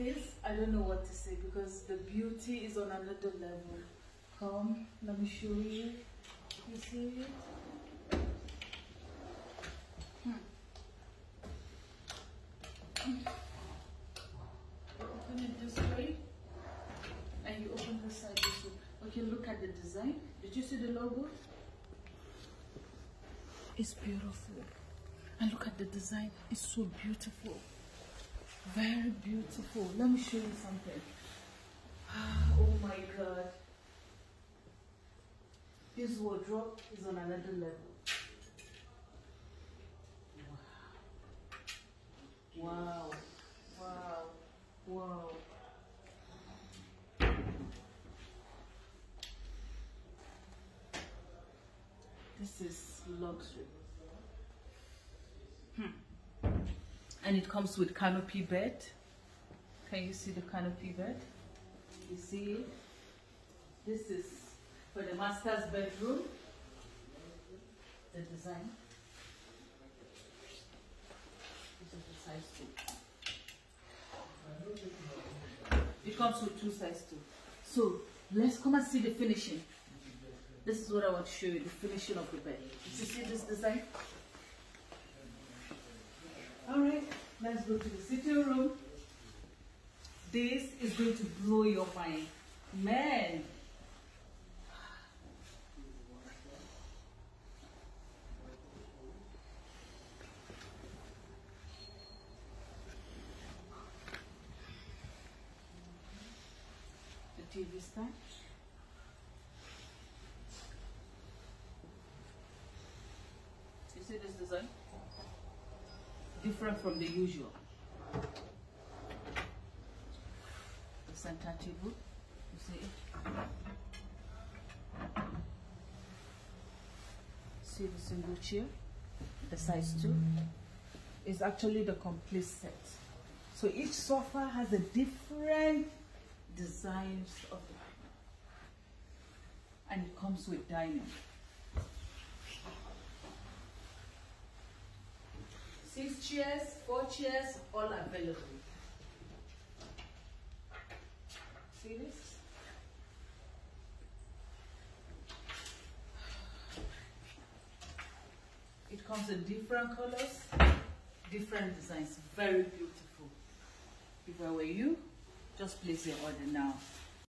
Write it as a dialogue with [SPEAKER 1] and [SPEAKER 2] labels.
[SPEAKER 1] this, I don't know what to say because the beauty is on another level. Come, let me show you. You see it? Hmm. Open it this way and you open this side this way. Okay, look at the design. Did you see the logo? It's beautiful. And look at the design. It's so beautiful. Very beautiful. Let me show you something. Oh my God. This wardrobe is on another level. Wow. Wow. Wow. Wow! This is luxury. Hmm and it comes with canopy bed can you see the canopy bed you see this is for the master's bedroom the design this is the size two it comes with two size two so let's come and see the finishing this is what i want to show you the finishing of the bed Did you see this design Alright, let's go to the sitting room. This is going to blow your mind. Man. The TV stand. You see this design? different from the usual. The center table, you see it? See the single chair, the size two? It's actually the complete set. So each sofa has a different design of the and it comes with dining. six chairs, four chairs, all available. See this? It comes in different colors, different designs, very beautiful. If I were you, just place your order now.